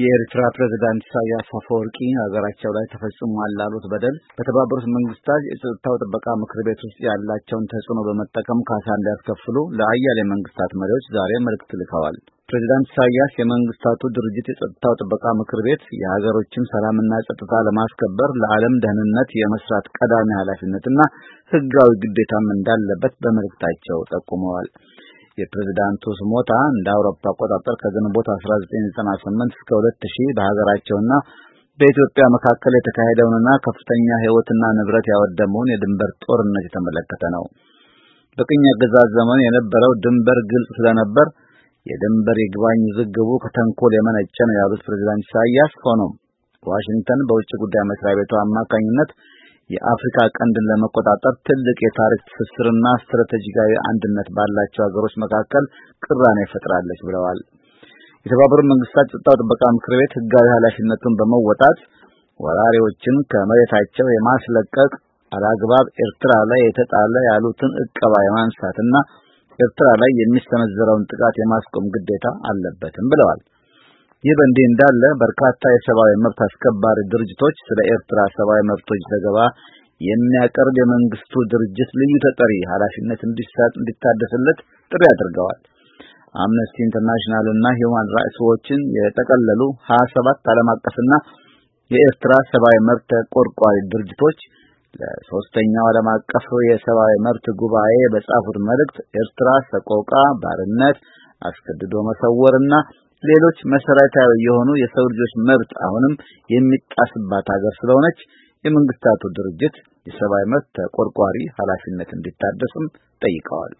የኤርትራ ፕሬዝዳንት ኢሳያስ አፈወርቂ ሀገራቸው ላይ ተፈጽሟል ላሉት በደል በተባበሩት መንግስታት የጸጥታው ጥበቃ ምክር ቤት ውስጥ ያላቸውን ተጽዕኖ በመጠቀም ካሳ እንዲያስከፍሉ ለአያሌ መንግስታት መሪዎች ዛሬ መልእክት ልከዋል። ፕሬዚዳንት ኢሳያስ የመንግስታቱ ድርጅት የጸጥታው ጥበቃ ምክር ቤት የሀገሮችን ሰላምና ጸጥታ ለማስከበር ለዓለም ደህንነት የመስራት ቀዳሚ ኃላፊነትና ህጋዊ ግዴታም እንዳለበት በመልእክታቸው ጠቁመዋል። የፕሬዝዳንቱ ስሞታ እንደ አውሮፓ አቆጣጠር ከግንቦት 1998 እስከ 2000 በሀገራቸውና በኢትዮጵያ መካከል የተካሄደውንና ከፍተኛ ህይወትና ንብረት ያወደመውን የድንበር ጦርነት የተመለከተ ነው። በቅኝ ግዛት ዘመን የነበረው ድንበር ግልጽ ስለነበር የድንበር ይግባኝ ውዝግቡ ከተንኮል የመነጨ ነው ያሉት ፕሬዝዳንት ኢሳያስ ሆኖም ዋሽንግተን በውጭ ጉዳይ መስሪያ ቤቷ አማካኝነት የአፍሪካ ቀንድን ለመቆጣጠር ትልቅ የታሪክ ትስስርና ስትራቴጂካዊ አንድነት ባላቸው ሀገሮች መካከል ቅራኔ ፈጥራለች ብለዋል። የተባበሩት መንግስታት ጸጥታው ጥበቃ ምክር ቤት ህጋዊ ኃላፊነቱን በመወጣት ወራሪዎችን ከመሬታቸው የማስለቀቅ አላግባብ ኤርትራ ላይ የተጣለ ያሉትን እቀባ የማንሳትና ኤርትራ ላይ የሚሰነዘረውን ጥቃት የማስቆም ግዴታ አለበትም ብለዋል። ይህ በእንዲህ እንዳለ በርካታ የሰብአዊ መብት አስከባሪ ድርጅቶች ስለ ኤርትራ ሰብአዊ መብቶች ዘገባ የሚያቀርብ የመንግስቱ ድርጅት ልዩ ተጠሪ ኃላፊነት እንዲታደስለት ጥሪ አድርገዋል። አምነስቲ ኢንተርናሽናል እና ሂውማን ራይትስ ዎችን የጠቀለሉ 27 ዓለም አቀፍና የኤርትራ ሰብአዊ መብት ተቆርቋሪ ድርጅቶች ለሶስተኛው ዓለም አቀፍ የሰብአዊ መብት ጉባኤ በጻፉት መልእክት ኤርትራ ሰቆቃ፣ ባርነት፣ አስገድዶ መሰወርና ሌሎች መሰረታዊ የሆኑ የሰው ልጆች መብት አሁንም የሚጣስባት ሀገር ስለሆነች የመንግስታቱ ድርጅት የሰብአዊ መብት ተቆርቋሪ ኃላፊነት እንዲታደስም ጠይቀዋል።